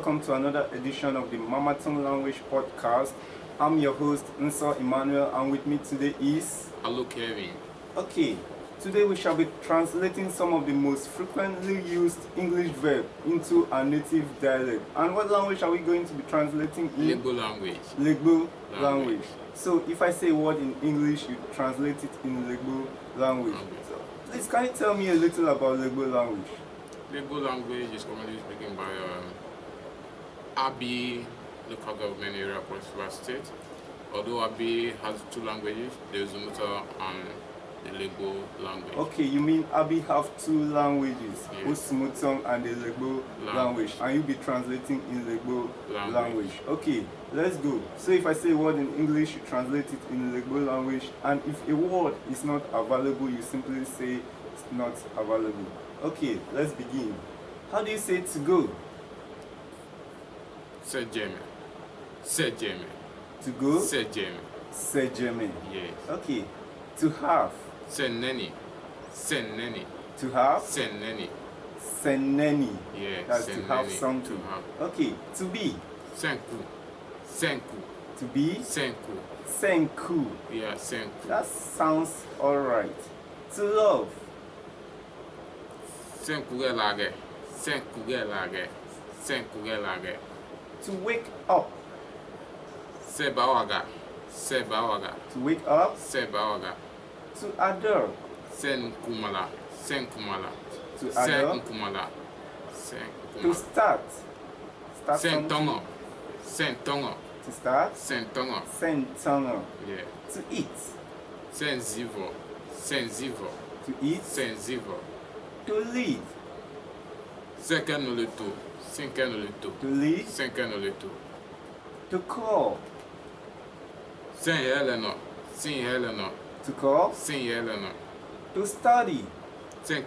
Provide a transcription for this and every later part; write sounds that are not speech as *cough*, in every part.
welcome to another edition of the Mamatong Language Podcast. I'm your host, Nso Emmanuel, and with me today is. Hello, Kevin. Okay, today we shall be translating some of the most frequently used English verb into our native dialect. And what language are we going to be translating in? Legbo language. Legbo language. language. So if I say a word in English, you translate it in Legbo language. So please, can you tell me a little about Legbo language? Legbo language is commonly spoken by um, Abi local government area West River State. Although Abi has two languages, the Zumuta and the Lego language. Okay, you mean Abi have two languages, yes. Usumutum and the Lego language. language. and you be translating in Lego language. language. Okay, let's go. So if I say a word in English, you translate it in Lego language, and if a word is not available, you simply say it's not available. Okay, let's begin. How do you say to go? Say German. Say German. To go? Say German. Say German. Yes. Okay. To have? Say Nanny. Saint Nanny. To have? Say Nanny. Saint Nanny. Yes. That's to have something. Okay. To be? Saint Coup. Saint Coup. To be? Saint Coup. Saint Coup. Yeah, Saint That sounds alright. To love? Saint Coup Lager. Saint Coup Lager. Saint Coup Lager. to wake up. sebaoga, sebaoga. To wake up. sebaoga. To adore. Senkumala. Senkumala. To adore. Senkumala. Senkumala. To start. Start Sentongo. Sentongo. To start. Sentongo. Sentongo. Yeah. To eat. Senzivo. Senzivo. To eat. Senzivo. To lead. Cinquanolito. Cinquanolito. To lead? To call? St. Helena. St. Helena. To call? To study?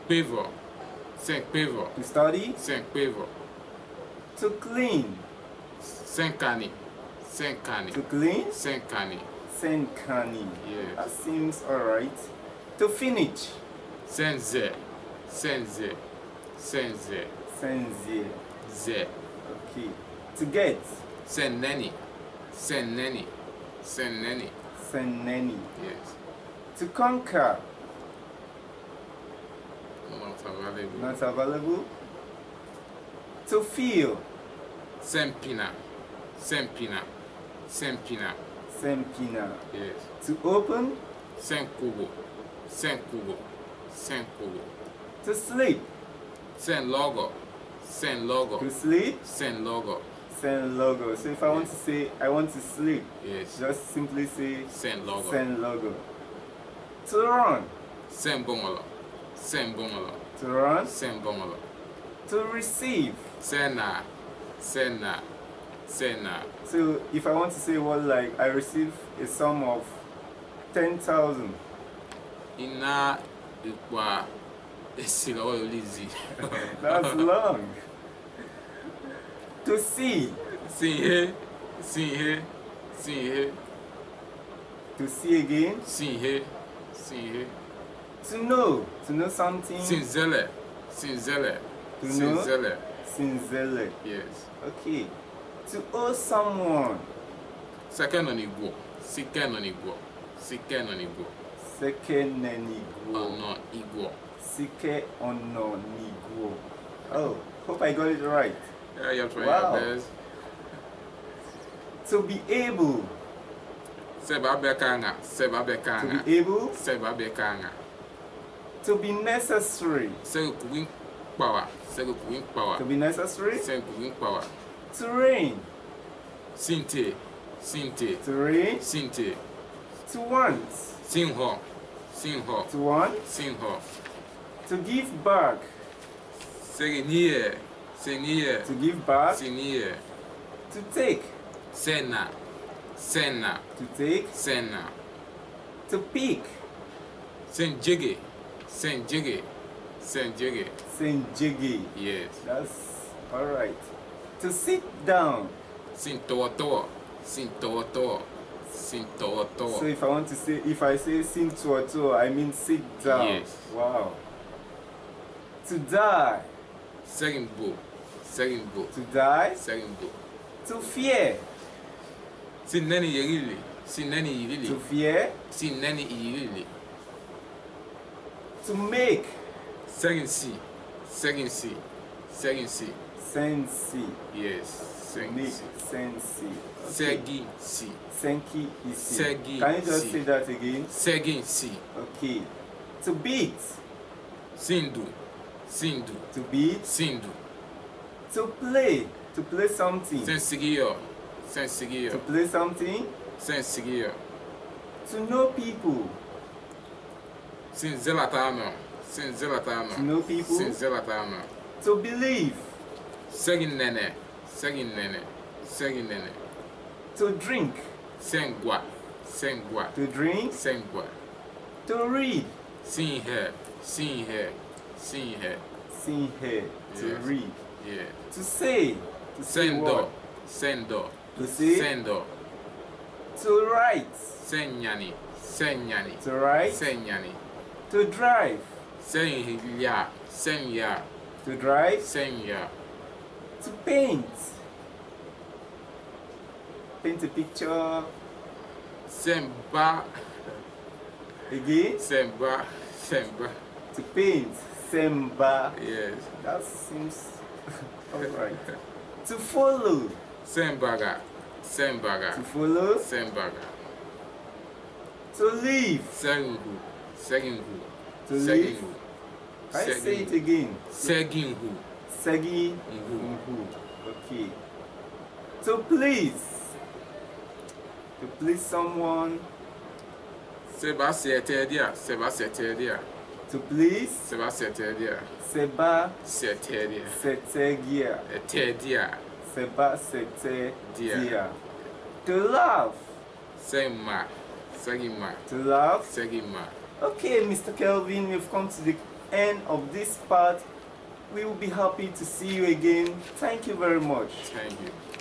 Pivot. Pivot. To study? Pivot. To clean? To clean? That seems alright. To finish? Senzie. Ze. Okay. To get. Senneni. Senneni. Senneni. Senneni. Yes. To conquer. Not available. Not available. To feel. Sempina. Sempina. Sempina. Sempina. Yes. To open. Senkubo. Senkubo. Senkubo. To sleep. Sen logo. Sen logo. To sleep? Send logo. Send logo. So if I want to say I want to sleep, yes. just simply say send logo. Send logo. To run. Send bongolo. Send bongolo. To run. Send bongolo. To receive. Sena. Sena. Sena. So if I want to say what well, like I receive a sum of ten thousand. Inna, ikwa easy. *laughs* That's long. To see. See here. See here. See here. To see again. See here. See here. To know. To know something. Sinzele. Sinzele. To Sinzele. know. Sinzele. Yes. Okay. To owe someone. Second on Igbo. Second on Igbo. Second on Igbo. Second on Igbo. Oh, no, Igbo. Sike Ononiguo. Oh, hope I got it right. Yeah, you're trying wow. your best. To be able. Seba Bekanga. Seba Bekanga. To be able. Seba Bekanga. To be necessary. Seba Power. Seba Power. To be necessary. Seba Power. To reign. Sinte. Sinte. To reign. Sinte. To want. Sinho. Sinho. To want. Sinho. To give back. Senir. Senir. To give back. Senir. To take. Sena. Sena. To take. Sena. To pick. Senjigi. Senjigi. Senjigi. Senjigi. Yes. That's all right. To sit down. Sintoatoa. Sintoatoa. Sintoatoa. So if I want to say, if I say sintoatoa, I mean sit down. Yes. Wow. To die. Second book. Second book. To die. Second book. To fear. sin nani yirili. sin nani yirili. To fear. sin nani yirili. To make. Second C. Second C. Second C. Sensi. Yes. Sensi. Sensi. Segi c, Senki isi. Segi Can you just say that again? Segi c. Okay. To beat. Sindu. Sindo. To be. Sindo. To play. To play something. Sensiguiyo. Sensiguiyo. To play something. Sensiguiyo. To know people. Sinzelatama. Sinzelatama. To know people. Sinzelatama. To believe. Seginene. Seginene. Seginene. To drink. Sengwa. Sengwa. To drink. Sengwa. To read. Seeing her. Seeing Sing here. Sing here. To yes. read. Yeah. To say. To Send up. Send To say. Send To write. Senyani. Senyani. To write. Senyani. To drive. Senya. Senya. To drive. Senya. To paint. Paint a picture. Semba. Again. Semba. Semba. To paint. Semba. Yes. That seems *laughs* alright. *laughs* to follow. Sembaga. Sembaga. To follow. Sembaga. To leave. Segingu. Segingu. To Segingu. leave. Can I say it again? Segingu. Segingu. Okay. To please. To please someone. Sebastia Tedia. Sebastia Tedia. to please Seba Setedia. Seba Setedia. Setegia. Etedia. Seba Setedia. To love. Sema. Segima. To love. Segima. Okay, Mr. Kelvin, we've come to the end of this part. We will be happy to see you again. Thank you very much. Thank you.